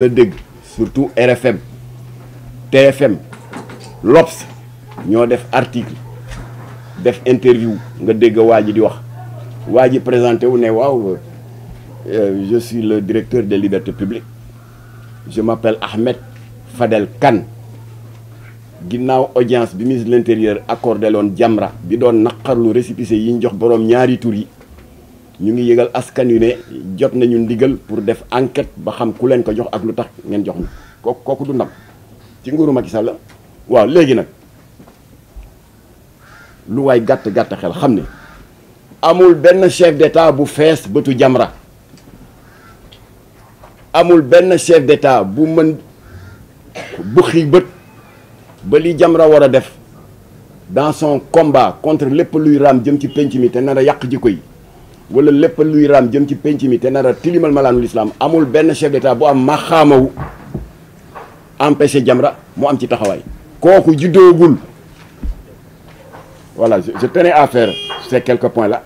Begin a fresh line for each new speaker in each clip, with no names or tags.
la dégg surtout RFM TFM L'Obs ñoo def article def interview nga dégg waa ji di wax waa ji présenté wu ne waaw euh, je suis le directeur de libertés publiques je m'appelle Ahmed Fadel Kane ginnaaw audience bi ministre de l'intérieur accordé loon Jamra bi doon naqarlu récépissé yi ñu jox boroom ñaari tur yi ñu ngi yëgal askan yu ne jot nañu ndigal pour def enquête ba xam ku leen ko jox ak lu tax ngeen jox ñu kooku kooku du ndam ci nguuru Macky Sall la waaw léegi nag lu waay gàtt gàtt xel xam ne amul benn chef d'état bu fees bëtu jamra amul benn chef bu mën buxi bët ba li jamra war a def dans son combat contre lépp luy raam jëm ci penc mi te nar yàq jikko yi wala lépp luy raam jëm ci penc mi te nar a tilimal malaanu lislaam amul benn chef d'état bu am maxaamawu empêché Jamra mu am ci taxawaay kooku juddoogul voilà je tenais à faire ces quelques points là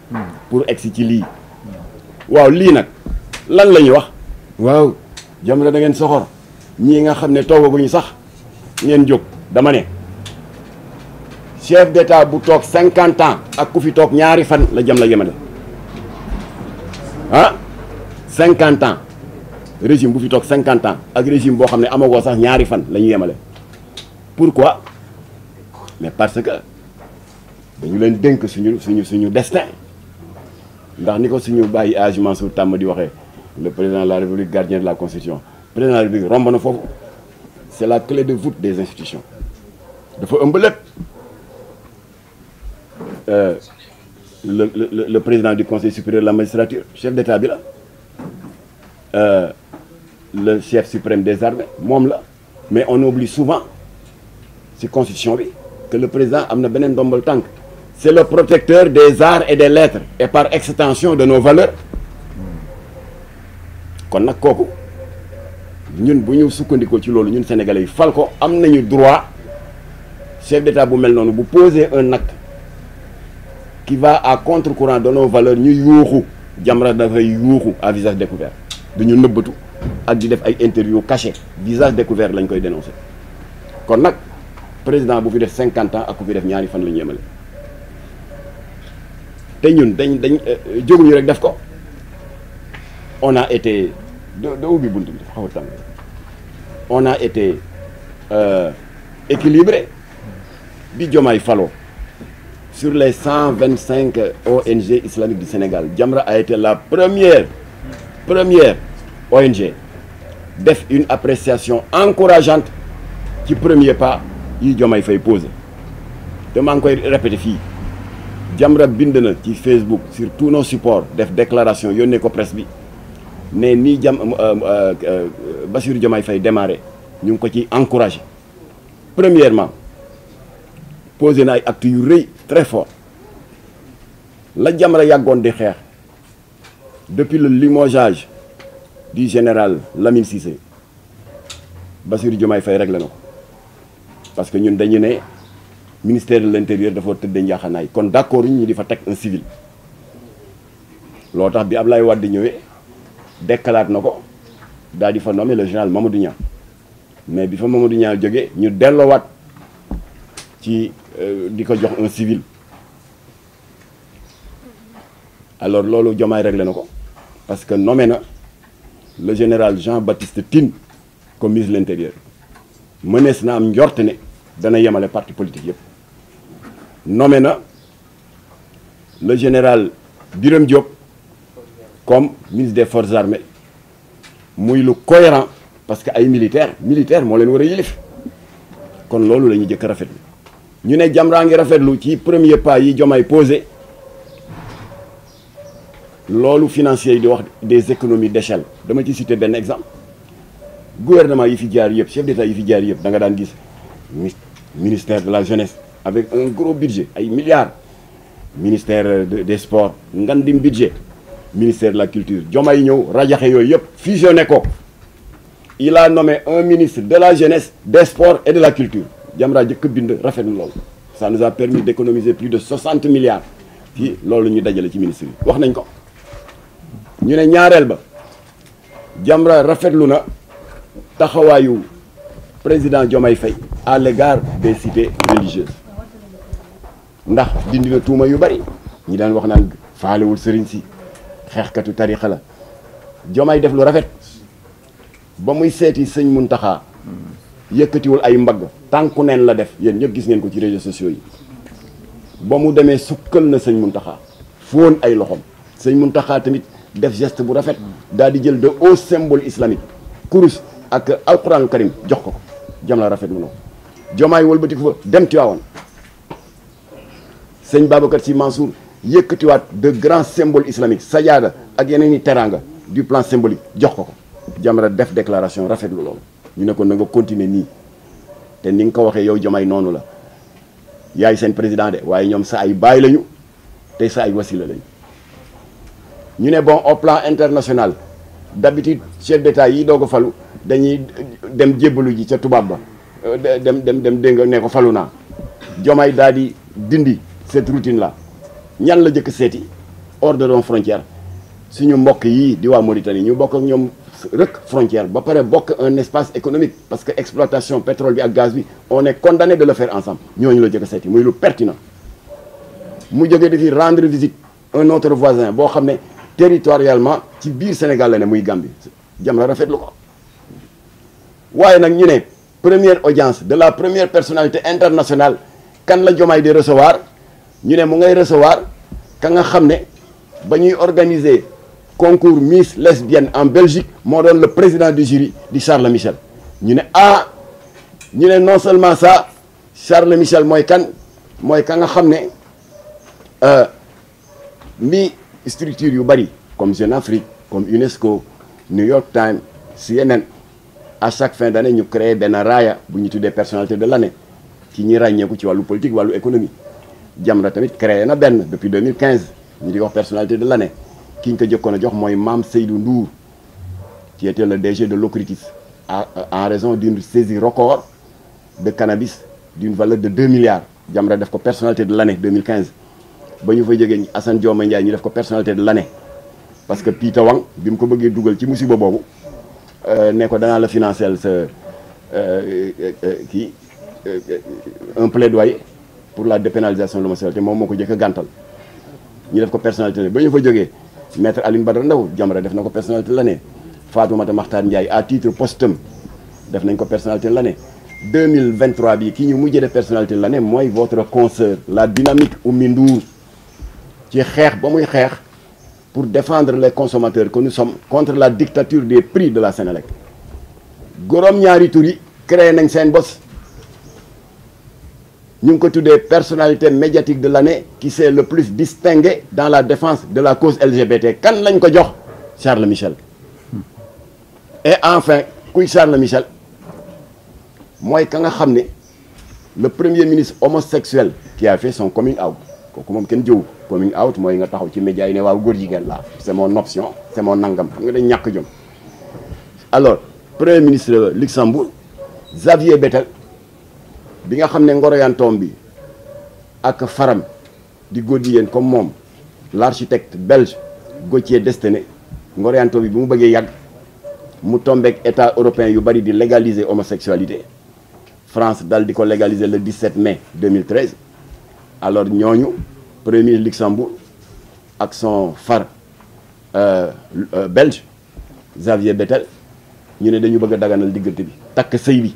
pour egsi ci lii waaw lii nag lan la ñuy wax waaw Jamra da ngeen soxor ñii nga xam ne toogaguñu sax ngeen jóg dama ne chef d'état bu toog cinquante ans ak ku fi toog ñaari fan la jam la yemale ah cinquante ans régime bu fi toog cinquante ans ak régime boo xam ne amagoo sax ñaari fan lañu ñu yemale pourquoi mais parce que dañu leen dénk suñu suñu suñu destin ndax ni ko suñu bàyyi âge Mansour tàmm di waxee le président de la république gardien de la constitution le président la république romb na foofu c'est la clé de voûte des institutions dafa ëmb lépp euh, le le le président du conseil supérieur de la magistrature chef d'état bi la euh, le chef suprême des armées moom la mais on oublie souvent ci constitution bi que le président am na beneen ndombal tànk c'est le protecteur des arts et des lettres et par extension de nos valeurs kon nag kooku ñun bu ñu sukkandikoo ci loolu ñun sénégalais yi fal ko am nañu droit chef d'état bu mel noonu bu poser un nag qui va à contre-courant de nos valeurs ñu yuuxu Jamra dafay yuuxu à visage découvert du ñu nëbbatu ak di def ay interview caché visage découvert lañ koy dénoncé kon nag président bu fi def cinquante ans ak ku fi def ñaari fan la ñu yemale te ñun dañ dañ euh, euh, jóguñu rek def ko on a été da ubbi bunt bi dafa xaw a on a été euh, équilibré bi Diomaye falo sur les cent cinq ONG islamiques du Sénégal Jamra a été la première première ONG def une appréciation encourageante ci premier pas yi Diomaye fay posé te maa ngi koy répété fii Jamra bind na ci Facebook sur tous nos supports def déclaration yónnee ko presse bi ne nii jam euh, euh, euh, Bassirou Diomaye fay démarré ñu ngi ko ciy encouragé premièrement posé na ay actes yu rëy très fort la Jamra yàggoon di xeex depuis le limogeage du général Lamine Cissé Bassirou Diomaye Faye réglé na ko parce que ñun dañu ne ministère de l'intérieur dafa tëddee njaaxanaay kon d'accord ñu di fa teg un civil loo tax bi Ablaye Wade ñëwee dekkalaat na ko daal di fa nommé le général Mamadou Niang mais bi fa Mamadou Niang ñu delloowaat. ci euh, di ko jox un civil alors loolu Diomaye réglé na ko parce que nommé na le général Jean-Baptiste Tine comme ministre de l'intérieur mënees na am njort ne dana yemale parti politique yëpp nome na le général Birame Diop comme ministre des forces armées muy lu cohérent parce que ay militaire militaire moo leen war a yilif kon loolu la ñuy jëkk rafetlu ñu ne Jamra ngi rafetlu ci premier pas yi Diomaye posé loolu financier yi di wax des économies d'échelle dama ci citer benn exemple gouvernement yi fi jaar yëpp chef d'état yi fi jaar yëpp da nga daan gis ministère de la jeunesse avec un gros budget ay milliards ministère des ngan ngandim budget ministère de la culture Diomaye ñëw rajaxe yooyu yëpp fusionné ko il a nommé un ministre de la jeunesse des sports et de la culture Jamra jëkk bind rafet na lool ça nous a permis d'économiser plus de 60 milliards ci loolu ñu dajale ci ministre yi wax nañ ko ñu ne ñaareel ba Jamra rafetlu na taxawaayu président jomay Faye à l'égard des cités religieuses ndax dindi tuuma yu bari ñi daan wax naan faalewul sëriñ si xeexkatu tarixa la jomay def lu rafet ba muy seeti sëñ mun taxaa yëkkatiwul ay mbagg tànku neen la def yéen ñëpp gis ngeen ko ci régio sociaux yi ba mu demee sukkal na sëñ Muntaxa fóon ay loxom sëñ Muntaxa tamit def geste bu rafet daal di jël de haut symbole islamique kurus ak alquran karim jox ko ko jam la rafet na ko jomaay wëlbatiku fa dem Tiwaawan sëñ Babacar Sy Mansour yëkkatiwaat de grands symboles islamiques sajaada ak yeneen i teraanga du plan jox ko ko Jamra def déclaration rafetlu loolu ñu ne ko na nga nii te ni nga ko waxee yow Diomaye noonu la yaay seen président de waaye ñoom sa ay baay lañu te sa ay wasila lañu ñu ne bon au plan international d'habitude chef d'état yi doo ko falu dañuy dem jébbalu ji ca tubaab ba euh, dem dem dem dégg nga ne ko falu naa Diomaye daal di dindi cette routine là ñan la jëkk seeti hors de nos frontières suñu mbokk yi di waa Mauritanie ñu bokk ak ñoom rek frontière ba pare bokk un espace économique parce que exploitation pétrole bi ak gaz bi on est condamné de le faire ensemble ñu la jëkk seeti muy lu pertinent mu jógee di fi rendre visite un autre voisin boo xam ne territorialement ci biir Sénégal la ne muy Gambie Jamra rafetlu ko waaye nag ñu ne première audience de la première personalité internationale kan la Diomaye di recevoir ñu ne mu ngay recevoir ka nga xam ne ba ñuy organiser concours Miss lesbienne en Belgique moo doon le président du jury di Charles Michel ñu ne ah ñu ne non seulement ça Charles Michel mooy kan mooy ka nga xam ne euh, mi structure yu bari comme Jeune Afrique comme UNESCO New York Times CNN a chaque fin d'année ñu créé benn raaya bu ñu tuddee personnalité de ne ci ñi ràññeeku ci wàllu politique wàllu économie Jamra tamit créé na benn depuis 2015 ñu di wax personnalité de l'année ki ñu ko jëkkoon a jox mooy Mame Seydou Ndour qui était le DG de Locritis en raison d'une saisie record de cannabis d'une valeur de 2 milliards Jamra def ko personnalité de l'année 2015 ba ñu fa jógee Assane Dioma Ndiaye ñu def ko personnalité de l'année parce que Pita Wang bi mu ko bëggee dugal ci musiba boobu euh, ne ko danaa la financer sa euh, euh, kii un plaidoyer pour la dépénalisation de l'homosexualité moom moo ko jëkk gàntal ñu def ko personnalité ba ñu fa jógee maître Alioune Badara Ndao Jamra def na ko personnalité l'année Fatoumata Makhtar Ndiaye à titre posthume def nañ ko personnalité l'année 2023 bi ki ñu mujjee def personnalité ne mooy votre consoeur la dynamique Oumy Ndour ci xeex ba muy xeex pour défendre les consommateurs que nous contre la dictature des prix de la Sénélec góoram ñaari tur yi nañ seen bos ñu ngi ko tuddee personnalité médiatique de l'année qui s'est le plus distingué dans la défence de la cause LGBT kan lañ ko jox Charles Michel et enfin kuy Charles Michel mooy ka nga xam ne le premier ministre homosexuel ki a fait son commune out kooku moom kenn jëw coming out mooy nga taxaw ci média yi ne waaw góor jigéen laa c'est mon option c'est mon nangam xam nga dañ ñàkk jom alors premier ministre Luxembourg Xavier Bettel bi nga xam ne ngoroyantoom bi ak faram di góor jigéen comme moom l'architecte belge Gauthier Destene ngoroyantoom bi bu mu bëggee yàgg mu tombeek état européen yu bari di légaliser homosexualité France dal di ko légaliser le 17 mai 2013 alors ñooñu premier Luxembourg ak son far euh, euh, belge Xavier Bettel ñu ne dañu bëgg daganal diggante bi takk sëy bi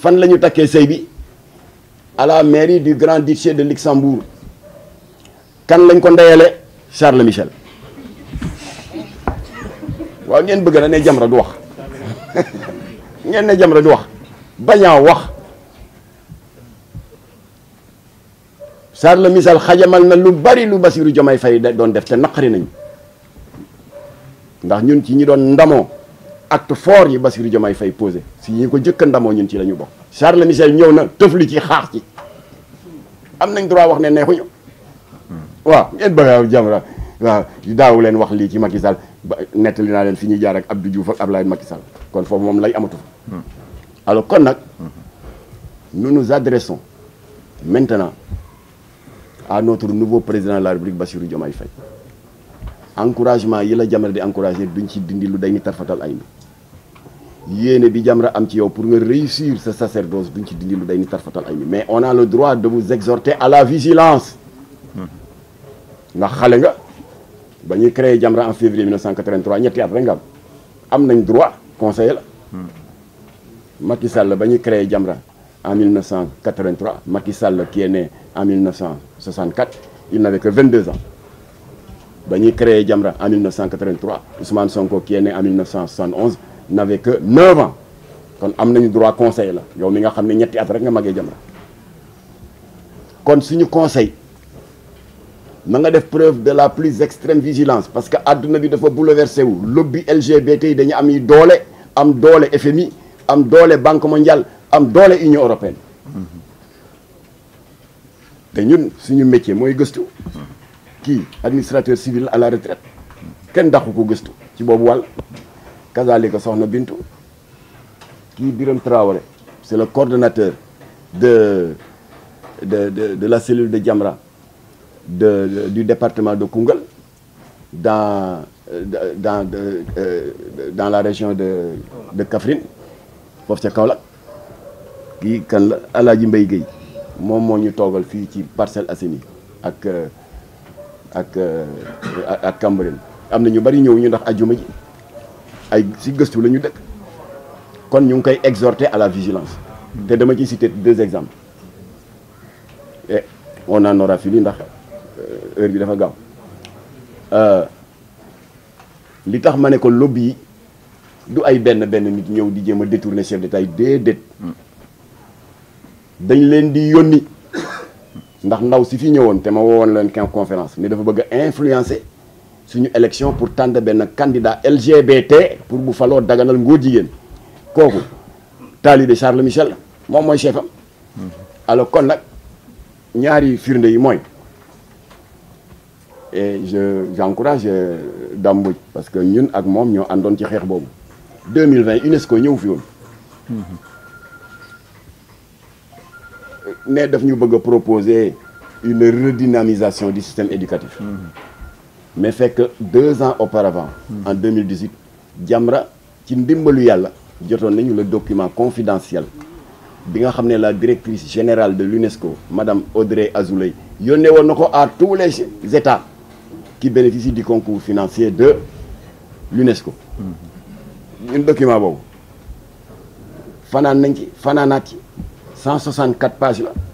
fan la takkee sëy bi à la mairie du grand duché de Luxembourg kan lañ ko ndeyale Charles Michel waaw ngeen bëgg na ne Jamra du wax ngeen ne Jamra du wax bañaa wax Charles Michel xajamal na lu bari lu Bassirou Diomaye Faye doon def te naqari nañ ndax ñun ci ñi doon ndamoo acte fort yi jom ay fay posé si ñi ko jëkk ndamoo ñun ci la ñu bokk. Charles Michel ñëw na tëfli ci xaar ci am nañ droit wax ne neexuñu waaw ngeen bëgg Jamra waaw leen wax lii ci Macky Sall ba nettali naa leen fi ñuy jaar ak ab Diouf ak Abdoulaye Macky Sall kon foofu moom lay amatu fa hmm. alors kon nag nous nous adressons maintenant à notre nouveau président de la République Bassirou Diomaye Faye encouragement yi la Jamra di encouragé duñ ci dindi lu day ni tarfatal ay mi yéene bi Jamra am ci yow pour nga réussir ce sacerdoce duñ ci dindi lu day ni tarfatal ay ni mais on a le droit de vous exhorter à la vigilance ndax xale nga ba ñuy créé Jamra en février 1983 ñetti at rek nga am nañ droit conseiller la Macky Sall ba ñuy créé Jamra en 1983 Macky Sall qui est né en 1964 il n'avait que 22 ans ba ñuy créé Jamra en 1983 Ousmane Sonko qui est né en 1971 na que 9 ans kon am nañu droit conseil la yow mi nga xam ne ñetti at rek nga magee Jamra kon suñu conseil na nga def preuve de la plus extrême vigilance parce que àdduna bi dafa bouleversé wu lobby LGBT yi dañu am yi doole am doole FMI am doole Banque mondiale am doole Union européenne te ñun suñu métier mooy gëstu kii administrateur civil à la retraite kenn daxu ko gëstu ci boobu wàll kazalika soxna Bintu kii Birame Traoré c'est le coordonnateur de de de de la cellule de Jamra de, du département de Koungheul dans dans euh, dans la région de de Kaffrine foofu ca Kaolack kii kan la Alaaji Mbaye Guèye moom moo ñu toogal fii ci Parcelles Assainies ak ak ak Cambérène am na ñu bari ñëw ñu ndax ajuma ji ay si gëstu la ñu dëkk kon ñu ngi koy exhorter à la vigilance te dama ciy citer deux exemples et eh, on naa aura fini ndax euh, heure bi dafa gaaw euh, li tax ma ne ko lobby yi du ay benn benn nit ñëw di jéem a détourner chef d'état yi déedéet dañ leen di yónni ndax ndaw si fi ñëwoon te ma woowoon leen conférence ni dafa bëgg a suñu élection pour tànn benn candidat LGBT pour bu faloo daganal ngóor jigéen kooku taalibe Charles Michel moom mooy chef am alors kon nag ñaari firnde yi mooy e je j'encourage euh, Dame parce que ñun ak moom ñoo àndoon ci xeex boobu mille 2020 UNESCO ñëw fi woon euh, ne daf ñu bëgg a proposer une redynamisation du système éducatif. Mmh. mais fekk deux ans auparavant hmm. en 2018 Jamra ci ndimbalu yàlla jotoon nañu la document confidentiel bi nga xam ne la directrice générale de l'UNESCO madame Audrey Azoulay yónnee woon na ko à tous les états qui bénéficient du concours financier de l'UNESCO hmm. ñun document boobu fanaan nañ ci fanaanaat ci quatre pages la